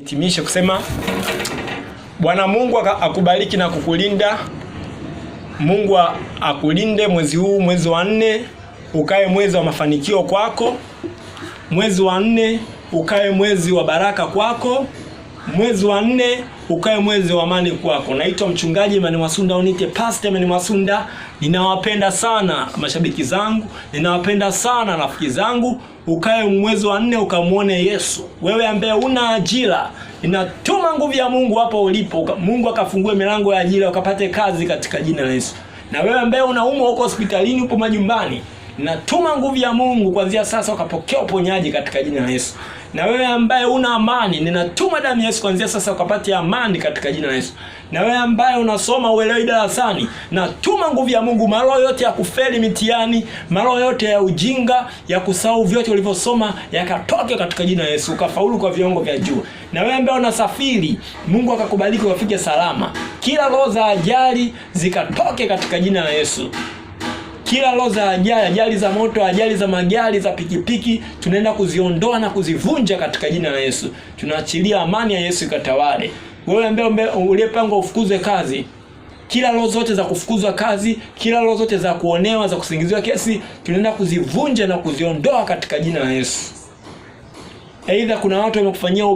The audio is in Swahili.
Hitimishe kusema Bwana Mungu akubariki na kukulinda. Mungu akulinde mwezi huu, mwezi wa nne ukae mwezi wa mafanikio kwako, mwezi wa nne ukae mwezi wa baraka kwako mwezi wa nne ukae mwezi wa amani kwako. Naitwa mchungaji Imani Mwasunda, unite Pastor Imani Mwasunda. Ninawapenda sana mashabiki zangu, ninawapenda sana rafiki zangu. Ukae mwezi wa nne ukamwone Yesu. Wewe ambaye una ajira, ninatuma nguvu ya Mungu hapo ulipo, Mungu akafungue milango ya ajira, ukapate kazi katika jina la Yesu. Na wewe ambaye unaumwa, uko hospitalini, upo majumbani Natuma nguvu ya Mungu kuanzia sasa ukapokea uponyaji katika jina la Yesu. Na wewe ambaye una amani, ninatuma damu ya Yesu kuanzia sasa ukapate amani katika jina la Yesu. Na wewe ambaye unasoma uelewi darasani, natuma nguvu ya Mungu, maroho yote ya kufeli mitihani, maroho yote ya ujinga, ya kusahau vyote ulivyosoma yakatoke katika jina la Yesu, ukafaulu kwa viwango vya juu. Na wewe ambaye unasafiri, Mungu akakubariki ukafike salama. Kila roho za ajali zikatoke katika jina la Yesu. Kila roho za ajali, ajali za moto, ajali za magari, za pikipiki, tunaenda kuziondoa na kuzivunja katika jina la Yesu. Tunaachilia amani ya Yesu ikatawale. Wewe ambaye uliyepangwa ufukuze kazi, kila roho zote za kufukuzwa kazi, kila roho zote za kuonewa, za kusingiziwa kesi, tunaenda kuzivunja na kuziondoa katika jina la Yesu. Aidha, kuna watu wamekufanyia